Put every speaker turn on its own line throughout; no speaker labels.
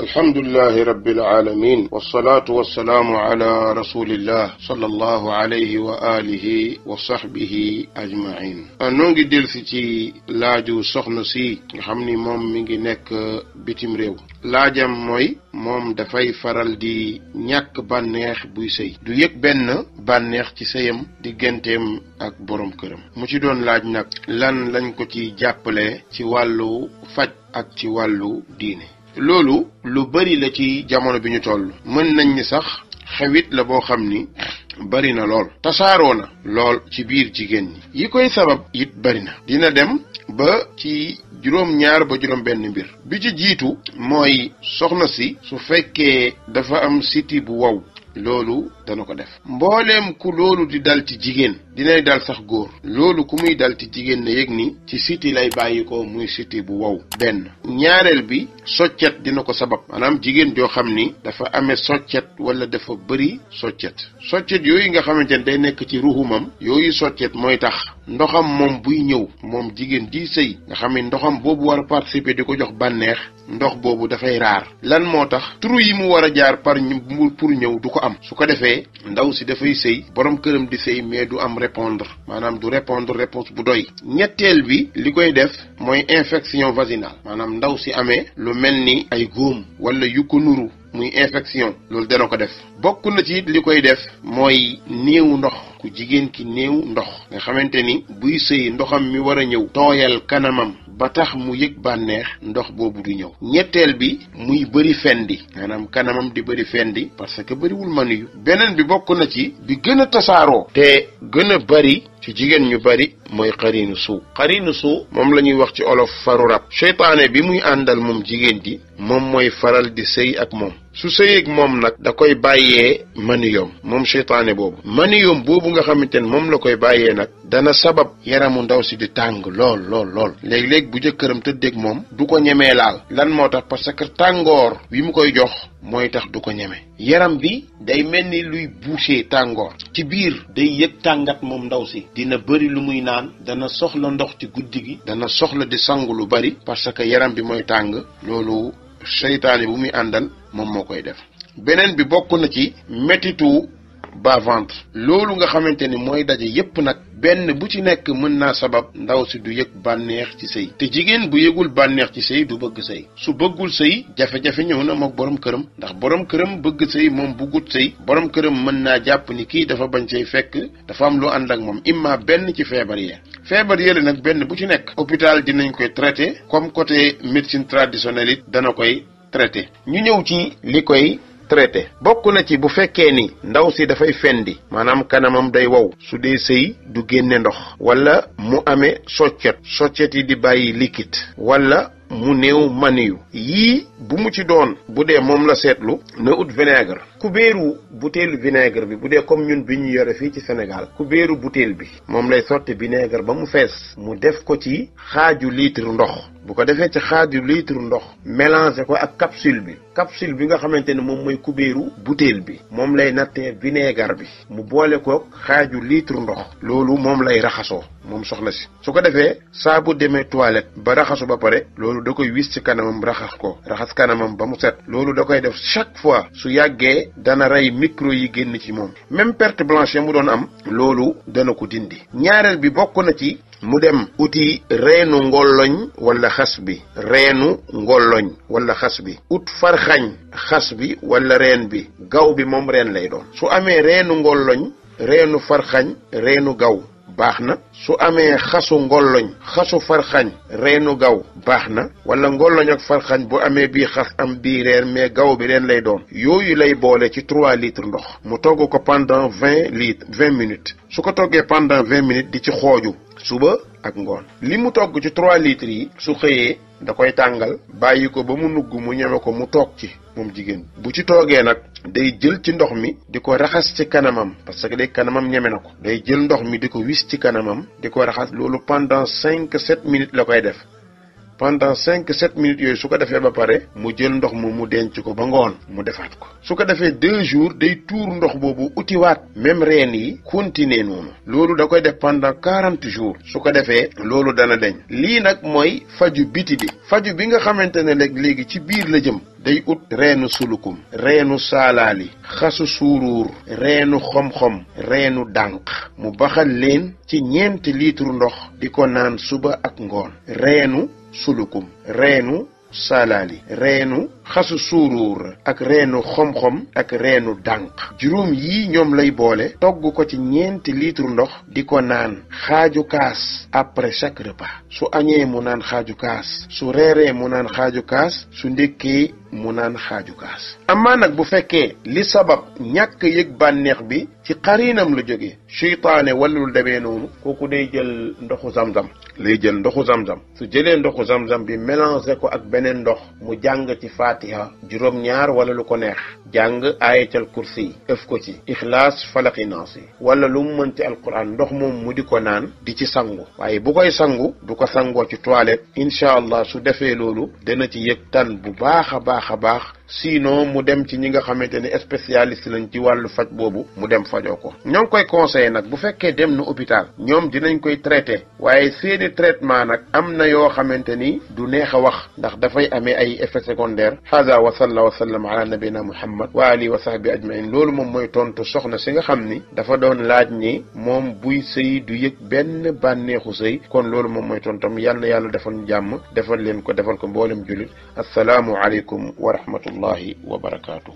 الحمد لله رب العالمين والصلاة والسلام على رسول الله صلى الله عليه وآله وصحبه أجمعين نونجي ديل سيتي لاجو سخنا سي خامني موم ميغي نيك بيتم ريو laajam mooy moom dafay faral di ñàkk bànneex buy sëy du yëg benn bànneex ci sëyam digganteem ak borom këram mu ci doon laaj nag lan lañ ko ci jàppale ci wàllu faj ak ci wàllu diine loolu lu bari la ci jamono bi ñu toll mën nañ ni sax xewit la boo xam ni bari na lool tasaaroo na lool ci biir jigéen ñi yi koy sabab it bari na dina dem ba ci juróom ñaar ba juróom benn mbir bi ci jiitu mooy soxna si su fekkee dafa am siti bu wow loolu dana ko def mbooleem ku loolu di dal ci jigéen dinay dal sax góor loolu ku dal ci jigéen na yëg ni ci siti lay bàyyikoo muy siti bu wow benn ñaareel bi soccet dina ko sabab maanaam jigéen joo xam dafa amee soccet wala dafa bëri soccet soccet yooyu nga xamante ne day nekk ci ruhumam yooyu soccet mooy tax ndoxam moom buy ñëw moom jigéen di sëy nga xam ni ndoxam boobu war participer di jox bànneex ndox boobu dafay raar lan moo tax warajar yi mu war a jaar par pour ñëw du am su ko defee ndaw si dafay sëy borom këram di sëy mais du am répondre Madame. du répondre réponse bu doy ñettel bi likoy def moy infection vaginale Madame, ndaw si amé lu melni ay góom wala yu muy infection Loldenokadef. dana ko def bokku na ci likoy def moy ndox ku ki n'eu ndox nga buy sey ndoxam mi wara ñew Toyel kanamam ba tax mu yëg banex ndox bobu du ñew ñettel bi muy bari fendi kanamam di bari fendi parce que wul manuyu Benen bi bokku na ci bi gëna gën a bari ci jigéen ñu bari mooy xariinu su xariinu su moom la ñuy wax ci olof faru rab seytaane bi muy àndal moom jigéen ji moom mooy faral di sëy ak moom su sëyeeg moom nag da koy bàyyee maniyom moom seytaane boobu maniyom boobu nga xamante ne moom la koy bàyyee nag dana sabab yaramu ndaw si di tàng lool lool lool léeg bu jëkkëram tëddeeg moom du ko ñemee laal lan moo tax parce que tàngoor wi mu koy jox mooy tax du ko ñeme yaram bi day mel ni luy boucher tàngoor ci biir day yëg tàngat moom ndaw si dina bëri lu muy naan dana soxla ndox ci guddi gi dana soxla di sangu lu bari parce que yaram bi mooy tàng loolu seytaane bu muy àndal moom moo koy def beneen bi bokk na ci metitu bas-ventre loolu nga xamante ni mooy daje yépp nag benn bu ci nekk mën naa sabab ndaw si du yëg bànneex ci sëy te jigéen bu yëgul bànneex ci sëy du bëgg sëy su bëggul sëy jafe-jafe ñëw na mook borom këram ndax borom këram bëgg sëy moom bu gut sëy borom këram mën naa jàpp ni kii dafa bañ sëy fekk dafa am lu ànd ak moom imma benn ci feebar yee feebar yële nag benn bu ci nekk hôpital dinañ koy traité comme côté médecine traditionnelle it dana koy traité ñu ñëw ci li koy traité bokk na ci bu fekkee ni ndaw si dafay fendi maanaam kanamam day wow su dee sëy du génne ndox walla mu amee soccet soccet yi di bàyyi liquide walla mu néew maniyu yii bu mu ci doon bu dee moom la seetlu na ut vinaigre kubéeru butéelu vinaigre bi bu dee comme ñun bi ñu yore fii ci Sénégal kubéeru butéel bi moom lay sotti vinaigre ba mu fees mu def ko ci xaaju litre ndox bu ko defee ci litre capsule bi capsule bi nga xamante ne moom mooy kubéeru bi lay vinaigre bi mu boole ko xaaju litre ndox loolu moom lay raxasoo moom soxna si su ko defee saa toilette ba raxasu ba pare loolu da koy wis ci kanamam raxas ko raxas kanamam ba mu set chaque fois su yàggee dana rey micro yi ci même perte blanche mu doon am loolu dana ko dindi ñaareel bi mu dem uti reenu ngolloñ wala xas bi reenu ngolloñ wala xas bi ut farxañ xas bi wala reen bi gaaw bi moom reen lay doon su amee reenu ngolloñ reenu farxañ reenu gaw baax na su amee xasu ngolloñ xasu farxañ reenu gaw baax na wala ngolloñ ak farxañ bu amee bii xas am bii reer mais gaw bi leen lay doon yooyu lay boole ci trois litres ndox mu togg ko pendant vingt litres vingt minutes su ko toggee pendant vingt minutes di ci xooju suba ak ngoon li mu togg ci trois litres yi su xëyee da koy tàngal bàyyi ko ba mu nugg mu ñeme ko mu toog ci moom jigéen bu ci toogee nag day jël ci ndox mi di ko raxas ci kanamam parce que day kanamam ñeme na ko day jël ndox mi di ko wis ci kanamam di ko raxas loolu pendant cinq sept minutes la koy def pendant cinq sept minutes yooyu su ko defee ba pare mu jël ndox mu mu denc ko ba ngoon mu defaat ko su ko defee deux jours day tuur ndox boobu utiwaat même reen yi continuer noonu loolu da koy def pendant jour su ko defee loolu dana deñ lii nag mooy faju biti bi faju bi nga xamante ne rek léegi ci biir la jëm day ut reenu sulukum reenu saalaali xasu suuruur reenu xom-xom reenu dànq mu baxal leen ci ñeenti litre ndox di ko naan suba ak ngoon reenu sulukum reenu saalaali reenu xasu suuruur ak reenu xom-xom ak reenu dànq juróom yi ñoom lay boole togg ko ci ñeenti litre ndox di ko naan xaaju kaas après chaque repas su añee mu naan xaaju kaas su reeree mu naan xaaju kaas su ndékkee mu naan xaaju gaas amaa nag bu fekke li sabab ñak yek banex bi ci xariinam la joge seytaane walul lu demee noonu day jël ndoxu zamzam lay jël ndoxu zamzam su jëlé ndoxu zamzam bi mélanger ko ak benen ndox mu jàng ci fatiha jurom naar wala lu ko neex jàng ayatul kursi ëf ko ci ikhlas falaqi nasi wala lu mën ci alquran ndox mom mu di ko naan di ci sangu waye bu koy sangu du ko sangu ci toilette inshallah su defé lolu dana ci yek tan bu baakha a baax baax baax sinon mu dem ci ñi nga xamante ne spécialiste lañ ci wàllu faj boobu mu dem fajoo ko ñoom koy conseillé nag bu fekkee dem na hôpital ñoom dinañ koy traité waaye seeni traitement nag am na yoo xamante ni du neex a wax ndax dafay amee ay effets secondaires hada wa salla wa sallam ala nabina muhammad wa alihi wa sahbi ajmain loolu moom mooy tontu soxna si nga xam ni dafa doon laaj ni moom buy sëy du yëg benn bànneexu sëy kon loolu moom mooy tontam yàlla yàlla defal ñu jàmm defal leen ko defal ko mboolem jullit asalaamu aleykum rahmatullahi wa barakaatu.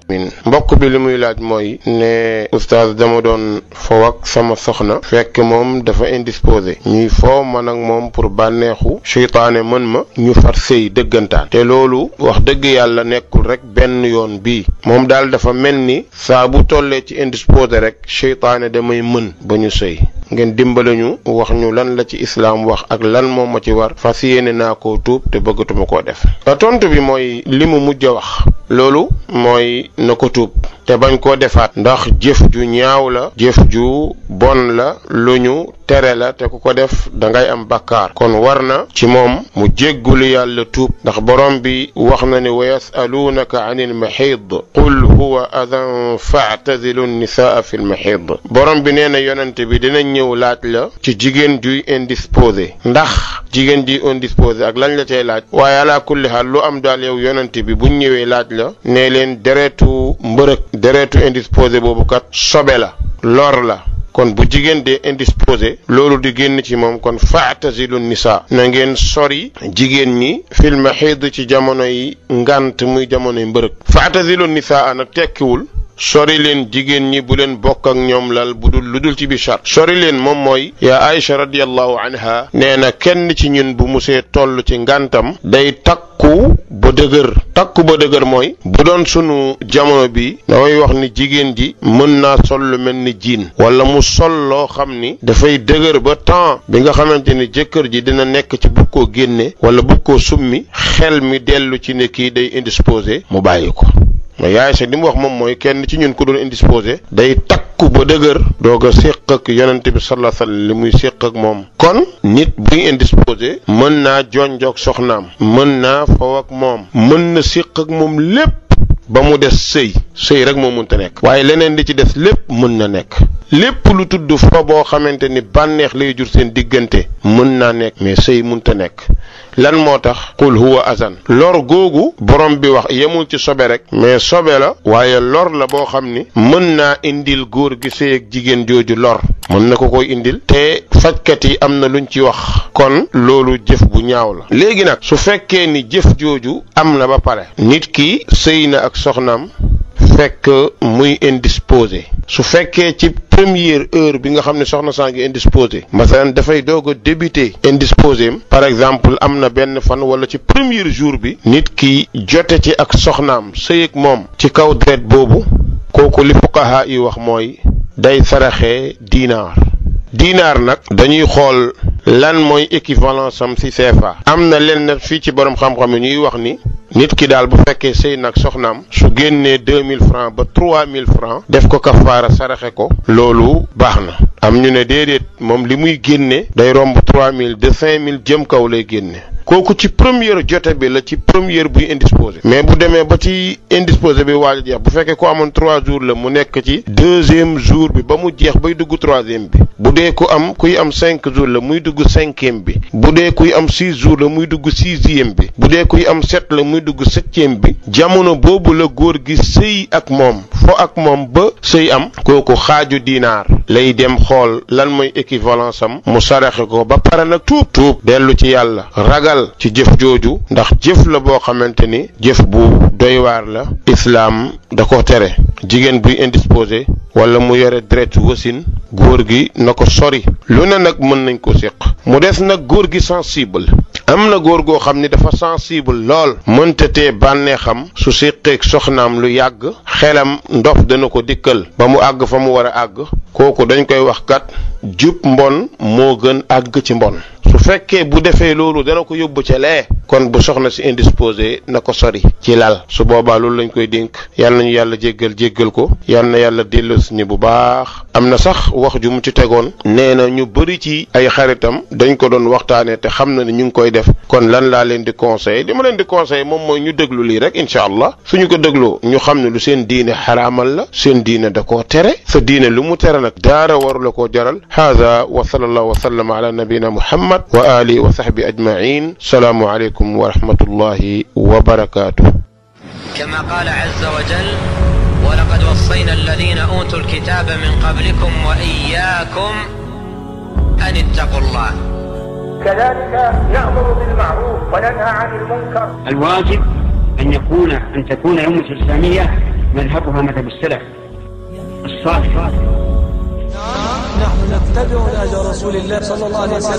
mbokk bi li muy laaj mooy ne oustaz dama doon foo ak sama soxna fekk moom dafa indisposé ñuy foo man nag moom pour bànneexu seytaane mën ma ñu far sëy dëggantaan te loolu wax dëgg yàlla nekkul rek benn yoon bii moom daal dafa mel ni saa bu tollee ci indisposé rek seytaane damay mën ba ñu sëy ngeen dimbale ñu wax ñu lan la ci islaam wax ak lan moom ma ci war fas yéene naa koo tuub te bëggatuma koo def tontu bi mooy li mu mujj wax lolu moy nako ko tuub te bañ ko defaat ndax jëf ju ñaaw la jëf ju bon la luñu tere la te ku ko def da ngay am bakkar kon warna ci mom mu jéggulu yàlla tuub ndax borom bi wax na ni wayasalunaka yasaluunaka an ilmaxid qul huwa fa'tazilu an nisaa fi lmaxid borom bi neena yonent bi dina ñëw laaj la ci jigen ju indisposé ndax jigen di indisposé ak lañ la tay laaj waaye ala kulli hal lu am dal yow yonent bi bu ñewé laaj la ne leen deretu mbërëg deretu indisposé boobu kat sobe la lor la kon bu jigéen de indisposé loolu di génn ci moom kon faatazilu nisaa na ngeen sori jigéen ñi fil maxiid ci jamono yi ngant muy jamono yi mbërëg faatazilu nisaa nag tekkiwul sori leen jigéen ñi bu leen bokk ak ñoom lal bu dul lu dul ci bi char sori leen moom mooy yaa Aïcha radiallahu anha nee na kenn ci ñun bu musee tollu ci ngantam day takku ba dëgër takku ba dëgër mooy bu doon sunu jamono bi damay wax ni jigéen ji mën naa sol lu mel ni jiin wala mu sol loo xam ni dafay dëgër ba temps bi nga xamante ni jëkkër ji dina nekk ci bug koo génne wala bug koo summi xel mi dellu ci ne kii day indisposé mu bàyyi ko mooy yaay sa li mu wax moom mooy kenn ci ñun ku doon indisposé day takku ba dëgër doog a séq ak yonente bi sallallahu li muy séq ak moom kon nit buy indisposé mën naa jonjoog soxnaam mën naa faw ak moom mën na séq ak moom lépp ba mu des sëy sëy rek moo mënta nekk waaye leneen li ci des lépp mën na nekk lépp lu tudd fa boo xamante ni bànneex lay jur seen diggante mën naa nekk mais sëy munta nekk lan moo tax qul huwa azan lor googu borom bi wax yemul ci sobe rek mais sobe la waaye lor la boo xam ni mën naa indil góor gi sëy ak jigéen jooju lor mën na ko koy indil te fajkat yi am na lu luñ ci wax kon loolu jëf bu ñaaw la léegi nag su fekkee ni jëf jooju am na ba pare nit ki sëy na ak soxnaam fekk muy indisposé su fekkee ci première heure bi nga xam ne soxna saa ngi indisposé masalan dafay doog a débuté indisposé par exemple am na benn fan wala ci première jour bi nit ki jote ci ak soxnaam sëy ak moom ci kaw deret boobu kooku li fuqaha yi wax mooy day saraxee diinaar diinaar nag dañuy xool lan mooy équivalence am ci CFA am na lenn fii ci borom xam-xam yi ñuy wax ni nit ki daal bu fekkee sëy nag soxnaam su génnee deux mille francs ba trois mille francs def ko kafaara saraxe ko loolu baax na am ñu ne déedéet moom li muy génne day romb trois mille de cinq mille jëm kaw lay génne kooku ci première jote bi la ci première bu indisposé mais bu démé ba ci indisposé bi bu ko trois jours le mu deuxième jour bi ba mu bay dugg troisième bi bu am am cinq jours la muy dugg bi am jours la muy dugg sixième bi bu kuy am sept la muy dugg bi jamono la gi ak fo am lay ba ci jëf jooju ndax jëf la boo xamante ni jëf bu doywaar la islaam da ko tere jigéen buy indisposé wala mu yore deret wasin góor gi na ko sori lu ne nag mën nañ ko séq mu des nag góor gi sensible am na góor goo xam ni dafa sensible lool mënta tee bànneexam su séqeeg soxnaam lu yàgg xelam ndof dana ko dikkal ba mu àgg fa mu war a àgg kooku dañ koy wax kat jub mbon moo gën àgg ci mbon fekkee bu defee loolu dana ko yóbbu ca lee kon bu soxna ci indisposé nako sori ci lal su boba loolu lañ koy dénk yalla ñu yàlla jéggel jéggel ko yalla na yàlla delloosi ni bu baax amna sax wax ju mu ci tégon néna ñu bëri ci ay xaritam dañ ko doon waxtané te xamna ni ñu ngi koy def kon lan la leen di conseil dima leen di conseil mom moy ñu déglu li rek inshallah suñu ko dégloo ñu xamni lu seen diine haramal la seen diine da ko tere sa diine lu mu tere nak daara war la ko jaral hadha wa sallallahu wa sallam ala nabina muhammad wa alihi wa sahbi ajmain salamu alaykum عليكم ورحمة الله وبركاته كما قال عز وجل ولقد وصينا الذين أوتوا الكتاب من قبلكم وإياكم أن اتقوا الله كذلك نأمر بالمعروف وننهى عن المنكر الواجب أن يكون أن تكون أمة الإسلامية مذهبها مذهب السلف الصالح نحن نتبع الأجر رسول الله صلى الله عليه وسلم